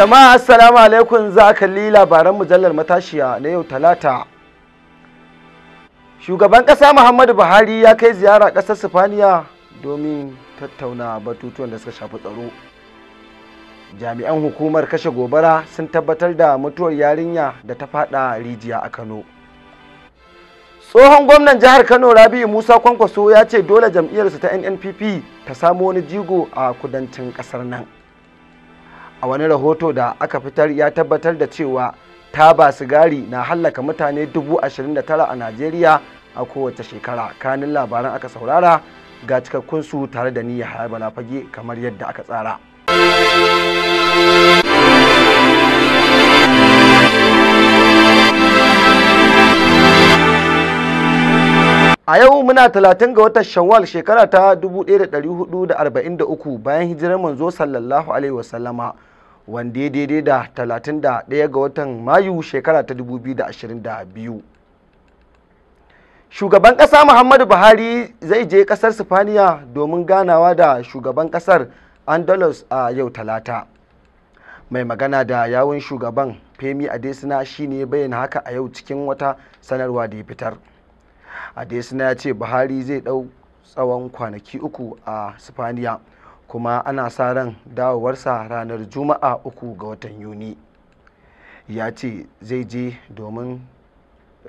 Jama'a assalamu alaikum za a kalli labaran mujallar matashiya na yau talata. Shugaban ƙasa Muhammadu Buhari ya kai ziyara ƙasar Sifaniya domin tattauna batutuwan da suka shafi tsaro. Jami'an hukumar kashe gobara sun tabbatar da mutuwar yarinya da ta fada rijiya a Kano. Tsohon gwamnan jihar Kano Rabi'u Musa Kwankwaso ya ce dole jam'iyyarsa ta NNPP ta samu wani jigo a kudancin ƙasar nan. a wani rahoto da aka fitar ya tabbatar da cewa taba sigari na hallaka mutane 29 a najeriya a kowace shekara kanin labaran aka saurara ga cikakkun su tare da niyya haya balafage kamar yadda aka tsara a yau muna 30 ga watan shawwal shekara ta 1443 bayan hijirar manzo sallallahu alaihi wasallama wanda ya daidai da 31 ga watan mayu shekara ta 2022 shugaban ƙasa muhammadu buhari zai je ƙasar sifaniya domin ganawa da shugaban ƙasar andalus a yau talata mai magana da yawon shugaban femi adesina shine bayyana haka a yau cikin wata sanarwa da ya fitar adesina ya ce buhari zai ɗau tsawon kwanaki uku a sifaniya kuma ana sa ran dawowarsa ranar juma'a uku ga watan yuni ya ce zai je domin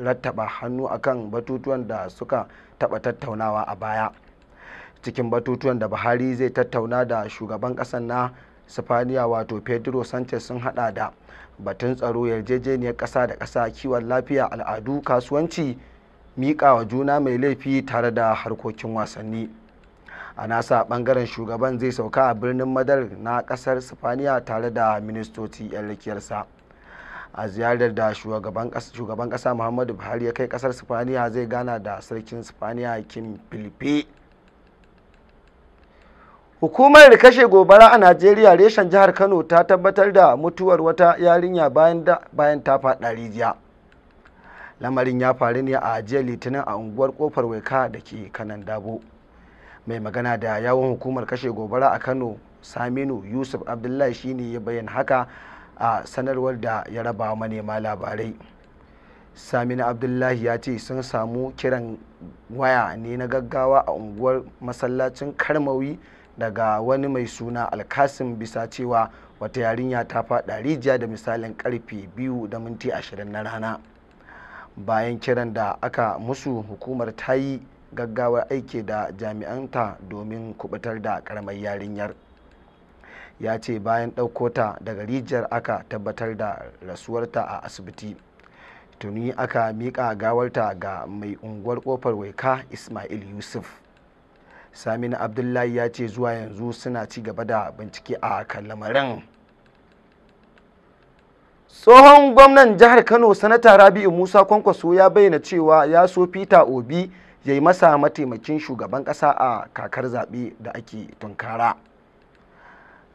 rattaba hannu akan batutuwan da suka taba tattaunawa a baya cikin batutuwan da buhari zai tattauna da shugaban kasan na sifaniya wato pedro sanchez sun hada da batun tsaro yarjejeniyar kasa da kasa kiwon lafiya al'adu kasuwanci miƙawa juna mai laifi tare da harkokin wasanni a nasa bangaren shugaban zai sauka a birnin madar na kasar sifaniya tare da ministoci 'yan rikiyarsa a ziyarar da shugaban kasa muhammadu buhari ya kai kasar sifaniya zai gana da sarkin sifaniya kim filipi hukumar kashe gobara a najeriya reshen jihar kano ta tabbatar da mutuwar wata yarinya bayan ta faɗa rijiya lamarin ya faru ne a jiya litinin a unguwar kofar waika da ke kanan dabo mai magana da yawon hukumar kashe gobara a kano saminu yusuf abdullahi shine ya bayan haka a sanarwar da ya raba manema labarai saminu abdullahi ya ce sun samu kiran waya ne na gaggawa a unguwar masallacin karmawi daga wani mai suna alkasim bisa cewa wata yarinya ta faɗa rijiya da misalin karfe biyu da minti ashirin na rana bayan kiran da aka musu hukumar ta yi gaggawar aiki da jami'anta domin kubutar da karamar yarinyar ya ce bayan ɗauko ta daga rijiyar aka tabbatar da rasuwarta a asibiti tuni aka miƙa gawarta ga mai unguwar kofar waika ismail yusuf saminu abdullahi ya ce zuwa yanzu suna ci gaba da bincike a kan lamarin tsohon gwamnan jihar kano sanata rabi'u musa kwankwaso ya bayyana cewa ya so peter obi ya yi masa mataimakin shugaban ƙasa a kakar zaɓe da ake tunkara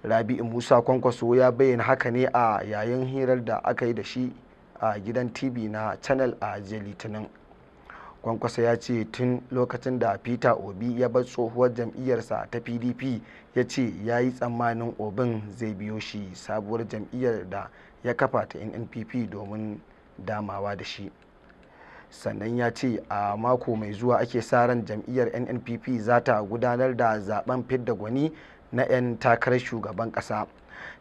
rabi'u musa kwankwaso ya bayyana haka ne a yayin hirar da aka yi da shi a gidan tv na channel a jiya litinin kwankwaso ya ce tun lokacin da peter obi ya bar tsohuwar jam'iyyarsa ta pdp ya ce ya yi tsammanin obin zai biyo shi sabuwar jam'iyyar da ya kafa ta nnpp domin damawa da shi sannan ya ce a mako mai zuwa ake sa ran jam'iyyar nnpp za ta gudanar da zaben fidda gwani na 'yan takarar shugaban kasa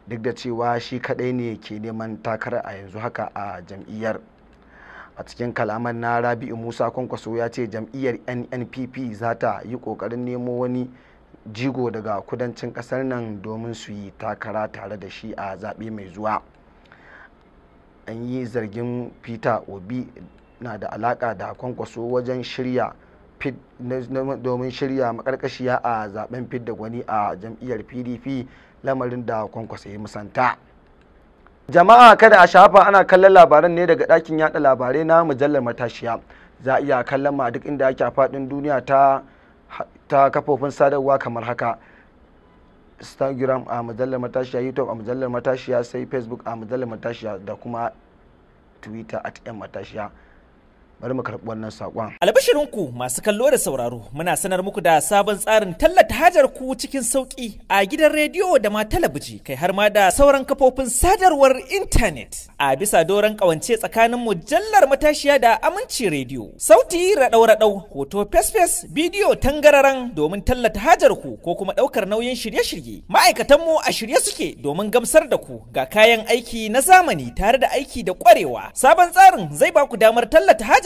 duk da cewa shi kadai ne ke neman takarar a yanzu haka a jam'iyyar a cikin kalaman na rabi'u musa kwankwaso ya ce jam'iyyar nnpp za ta yi kokarin nemo wani jigo daga kudancin kasar nan domin su yi takara tare da shi a zaɓe mai zuwa an yi zargin peter obi na da alaka da kwankwaso wajen shirya domin shirya makarkashiya a zaben fidda gwani a jam'iyyar pdp lamarin da kwankwaso ya musanta jama'a kada a shafa ana kallon labaran ne daga ɗakin yada labarai na mujallar matashiya za a iya kallon ma duk inda ake faɗin duniya ta ta kafofin sadarwa kamar haka instagram a mujallar matashiya youtube a mujallar matashiya sai facebook a mujallar matashiya da kuma twitter at yan matashiya bari mu karɓi wannan saƙon. Albashirinku masu kallo da sauraro muna sanar muku da sabon tsarin tallata hajar ku cikin sauƙi a gidan rediyo da ma talabiji kai har ma da sauran kafofin sadarwar intanet a bisa doron ƙawance tsakanin mujallar matashiya da aminci rediyo. Sauti raɗau-raɗau hoto fesfes bidiyo tangararan domin tallata hajar ku ko kuma ɗaukar nauyin shirye-shirye. Ma'aikatanmu a shirye suke domin gamsar da ku ga kayan aiki na zamani tare da aiki da ƙwarewa. Sabon tsarin zai ba ku damar tallata hajar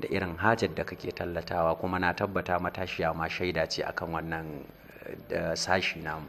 da irin hajar da kake tallatawa kuma na tabbata matashiya ma shaida ce akan wannan eh, sashi namu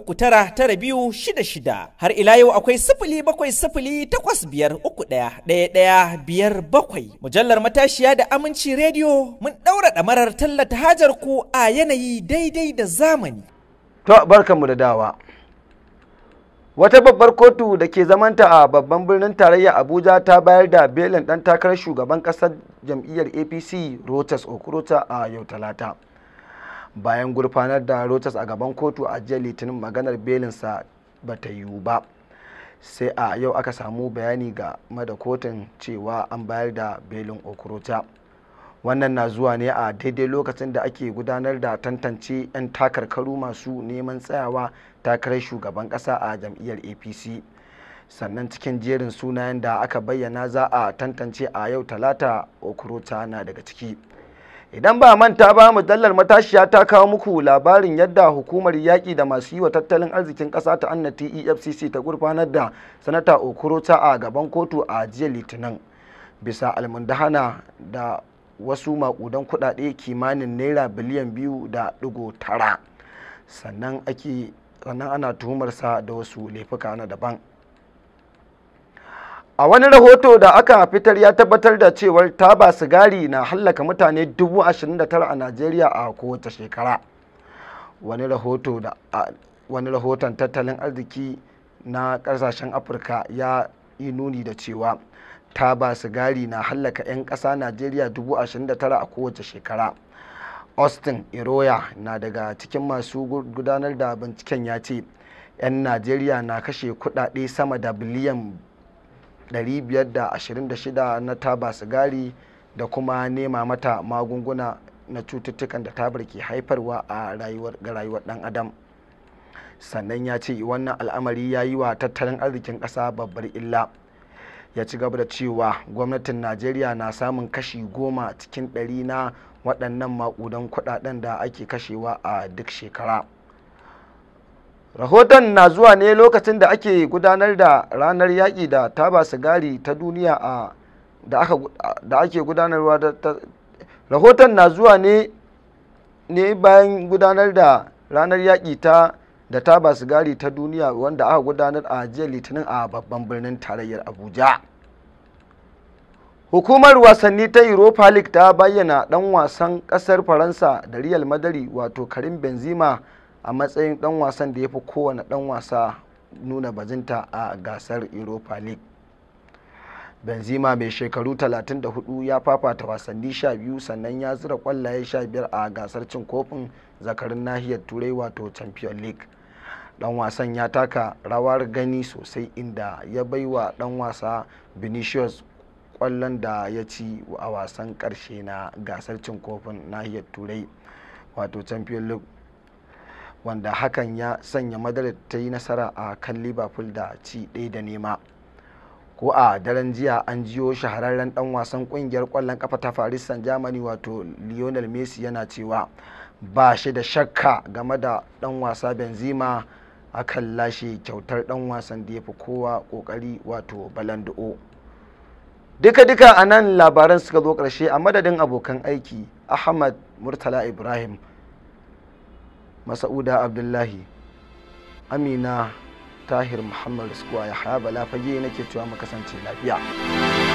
uku tara tara biyu shida shida har ila yau akwai sifili bakwai sifili takwas biyar uku ɗaya ɗaya ɗaya biyar bakwai mujallar matashiya da aminci rediyo mun ɗaura ɗamarar tallata hajar ku a yanayi daidai da zamani. To barkanmu da dawa. Wata babbar kotu da ke zamanta a babban birnin tarayya Abuja ta bayar da belin ɗan takarar shugaban ƙasar jam'iyyar APC Rotas Okurota a yau talata. bayan gurfanar da rotas a gaban kotu a jiya litinin maganar belinsa ba ta yiwu ba sai a yau aka samu bayani ga mada kotun cewa an bayar da belin okurota wannan na zuwa ne a daidai lokacin da ake gudanar da tantance 'yan takarkaru masu neman tsayawa takarar shugaban kasa a jam'iyyar apc sannan cikin jerin sunayen da aka bayyana za a tantance a yau talata okurota na daga ciki idan ba manta ba mujallar matashiya ta kawo muku labarin yadda hukumar yaƙi da masu yi wa tattalin arzikin ƙasa ta annati tefcc ta gurfanar da sanata ta a gaban kotu a jiya litinin bisa almundahana da wasu maƙudan kuɗaɗe kimanin naira biliyan biyu da ɗigo tara sannan ana tuhumarsa da wasu laifuka na daban a wani rahoto da aka fitar ya tabbatar da cewar taba sigari na hallaka mutane 29 a najeriya a kowace shekara wani rahoton tattalin arziki na kasashen afirka ya yi nuni da cewa taba sigari na hallaka 'yan ƙasa najeriya 29 a kowace shekara austin iroya na daga cikin masu gudanar da binciken ya ce 'yan najeriya na kashe kudade sama da biliyan 526 na taba sigari da kuma nema mata magunguna na cututtukan da tabar ke haifarwa a rayuwar ga rayuwar dan adam sannan ya ce wannan al'amari ya yi wa tattalin arzikin ƙasa babbar illa ya ci gaba da cewa gwamnatin najeriya na samun kashi goma cikin ɗari na waɗannan maƙudan kuɗaɗen da ake kashewa a duk shekara. rahoton na zuwa ne lokacin da ake gudanar da ranar yaƙi da taba sigari ta duniya a da ake gudanarwa da rahoton na zuwa ne bayan gudanar da ranar yaƙi ta da taba sigari ta duniya wanda aka gudanar a jiya litinin a babban birnin tarayyar abuja hukumar wasanni ta europa league ta bayyana ɗan wasan kasar faransa da real madari wato karim benzema a matsayin dan wasan da ya fi kowane dan wasa nuna bazinta a gasar europa league benzema mai shekaru 34 ya fafata wasanni 12 sannan ya zira kwallaye 15 a gasar cin kofin zakarin nahiyar turai wato champion league dan wasan ya taka rawar gani sosai inda ya bai wa dan wasa vinicius kwallon da ya ci a wasan karshe na gasar cin kofin nahiyar turai wato champion league wanda hakan ya sanya madrid ta yi nasara a kan liverpool da ci ɗaya da nema ko a daren jiya an jiyo shahararren dan wasan kungiyar kwallon kafa ta paris saint germany wato lionel messi yana cewa ba shi da shakka game da dan wasa benzema akan lashe kyautar dan wasan da ya fi kowa kokari wato balando duka-duka a nan labaran suka zo ƙarshe a madadin abokan aiki ahmad murtala ibrahim masauda abdullahi amina tahir muhammad sukuwa ya haya fage nake cewa mu kasance lafiya